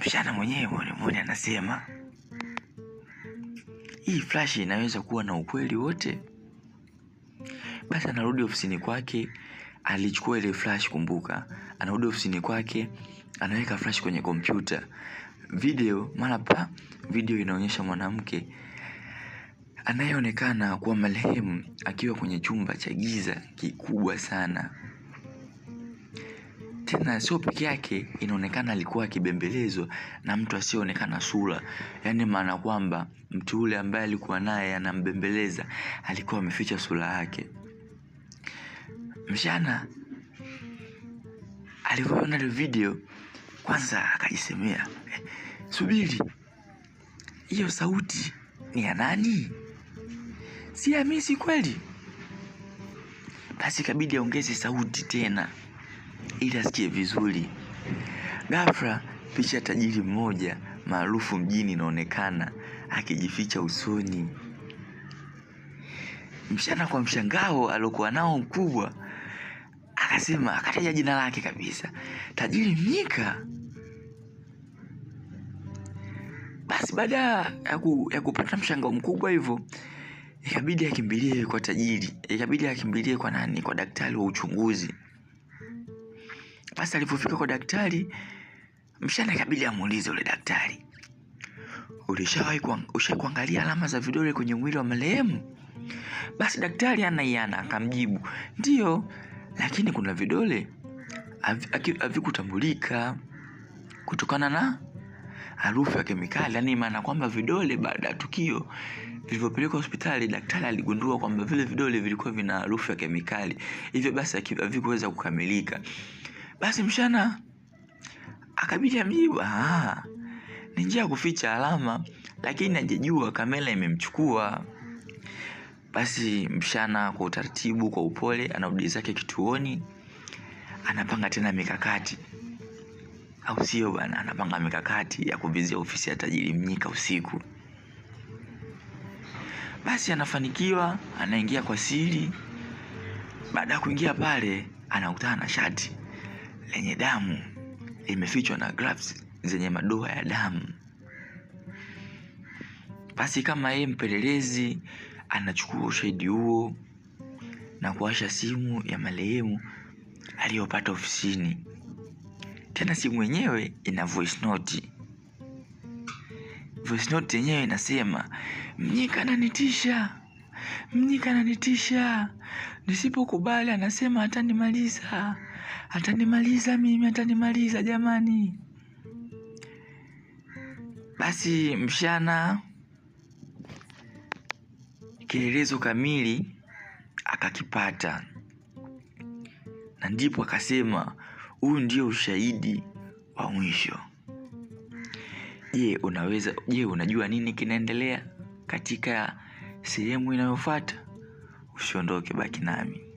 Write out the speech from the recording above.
msichana mwenyewe Molemole anasema hii flash inaweza kuwa na ukweli wote. Basi anarudi ofisini kwake, alichukua ile flash, kumbuka, anarudi ofisini kwake, anaweka flash kwenye kompyuta video, mara pa video inaonyesha mwanamke anayeonekana kuwa marehemu akiwa kwenye chumba cha giza kikubwa sana tena sio peke yake, inaonekana alikuwa akibembelezwa na mtu asiyeonekana sura, yaani maana kwamba mtu ule ambaye alikuwa naye anambembeleza alikuwa ameficha sura yake. Mshana alivyoona ile video kwanza akajisemea eh, subiri, hiyo sauti ni ya nani? Si ya kweli? Basi kabidi aongeze sauti tena ili asikie vizuri. Ghafla picha ya tajiri mmoja maarufu mjini inaonekana akijificha usoni. mchana kwa mshangao aliokuwa nao mkubwa akasema, akataja jina lake kabisa, tajiri Mnyika. Basi baada ya, ku, ya kupata mshangao mkubwa hivyo ikabidi akimbilie kwa tajiri, ikabidi akimbilie kwa nani, kwa daktari wa uchunguzi. Basi alipofika kwa daktari, mshana ikabidi amuulize yule daktari, ulishawahi kuangalia alama za vidole kwenye mwili wa marehemu? Basi daktari anaiana akamjibu, ndio lakini kuna vidole havikutambulika kutokana na harufu ya kemikali, yaani maana kwamba vidole baada ya tukio vilivyopelekwa hospitali, daktari aligundua kwamba vile vidole vilikuwa vina harufu ya kemikali, hivyo basi havikuweza kukamilika. Basi mshana akabidi amjibu, ah, ni njia ya kuficha alama, lakini hajajua kamera imemchukua. Basi mshana kwa utaratibu, kwa upole, anarudi zake kituoni, anapanga tena mikakati, au sio bwana? Anapanga mikakati ya kuvizia ofisi ya tajiri Mnyika usiku. Basi anafanikiwa, anaingia kwa siri. Baada ya kuingia pale, anakutana na shati lenye damu limefichwa na gloves zenye madoa ya damu basi kama yeye mpelelezi anachukua ushahidi huo na kuwasha simu ya marehemu aliyopata ofisini tena simu yenyewe ina voice note voice note yenyewe inasema mnyika ananitisha Mnyika ananitisha, nisipokubali anasema atanimaliza, atanimaliza mimi, atanimaliza jamani. Basi mshana kielezo kamili akakipata, na ndipo akasema huu ndio ushahidi wa mwisho. Je, unaweza je, unajua nini kinaendelea katika Sehemu inayofuata usiondoke, baki nami.